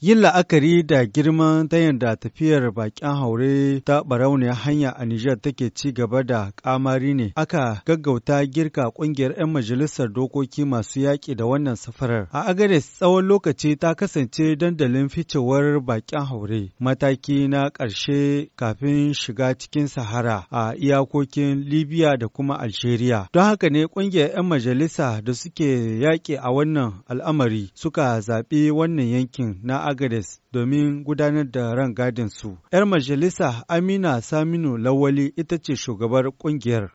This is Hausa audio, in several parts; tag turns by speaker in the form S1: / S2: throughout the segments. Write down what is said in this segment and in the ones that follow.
S1: Yin la'akari da girman ta yadda tafiyar bakin haure ta barauniyar hanya a Nijar take ci gaba da kamari ne, aka gaggauta girka ƙungiyar 'yan majalisar dokoki masu yaƙi da wannan safarar. A Agares tsawon lokaci ta kasance dandalin ficewar bakin haure, mataki na ƙarshe kafin shiga cikin Sahara a iyakokin Libya da kuma Algeria. Don haka ne ƙungiyar 'yan majalisa da suke yaƙi a wannan al'amari suka zaɓi wannan yankin na Agadez domin gudanar da rangadin su. 'Yar majalisa Amina Saminu Lawali ita ce shugabar kungiyar.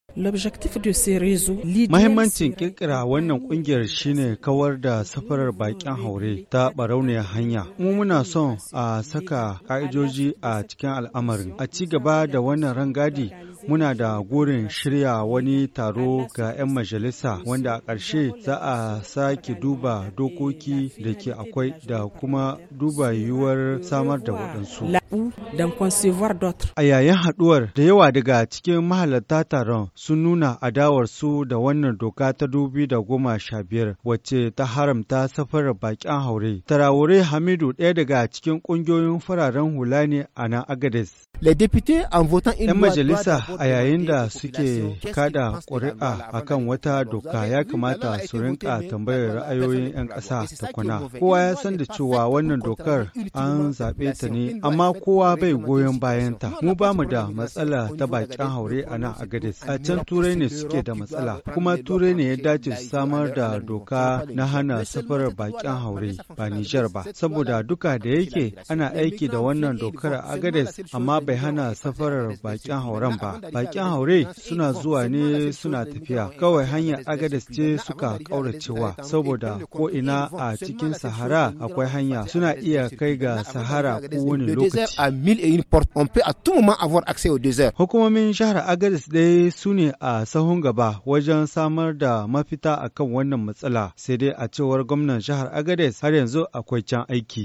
S1: Mahimmancin kirkira wannan kungiyar shine kawar da safarar bakin haure ta barauniyar hanya. mu muna son a saka ka'idoji a cikin al'amarin. A ci gaba da wannan rangadi muna da gurin shirya wani taro ga 'yan majalisa wanda a ƙarshe za a sake duba dokoki da ke akwai da kuma duba yiwuwar sabuwar samar da waɗansu. haɗu don concevoir d'autres. A yayin haɗuwar da yawa daga cikin mahalarta taron sun nuna adawarsu da wannan doka ta dubi da goma sha biyar wacce ta haramta safar bakin haure. Tarawore Hamidu ɗaya daga cikin ƙungiyoyin fararen hula ne a nan Agades. ‘Yan majalisa a yayin da suke kada ƙuri'a a kan wata doka ya kamata su rinka tambayar ra'ayoyin ‘yan ƙasa kuna. Kowa ya san da cewa wannan dokar an zaɓe ta ne, amma kowa bai goyon bayanta. Mu ba mu da matsala ta bakin haure a nan a Gadis. A can Turai ne suke da matsala, kuma Turai ne ya dace samar da doka na hana safarar bakin haure ba Nijar ba. Saboda duka da yake ana aiki da wannan dokar a Gadis amma bai hana safarar bakin hauren ba. Bakin haure suna zuwa ne suna tafiya. Kawai hanyar Agadis ce suka ƙauracewa saboda ko ina a cikin Sahara akwai hanya suna iya kai ga Sahara kowane lokaci. désert à mille et une portes. On peut à tout moment avoir accès au désert. Hukumomin jihar Agadez dai su ne a sahun gaba wajen samar da mafita akan wannan matsala. Sai dai a cewar gwamnan jihar Agadez har yanzu akwai can aiki.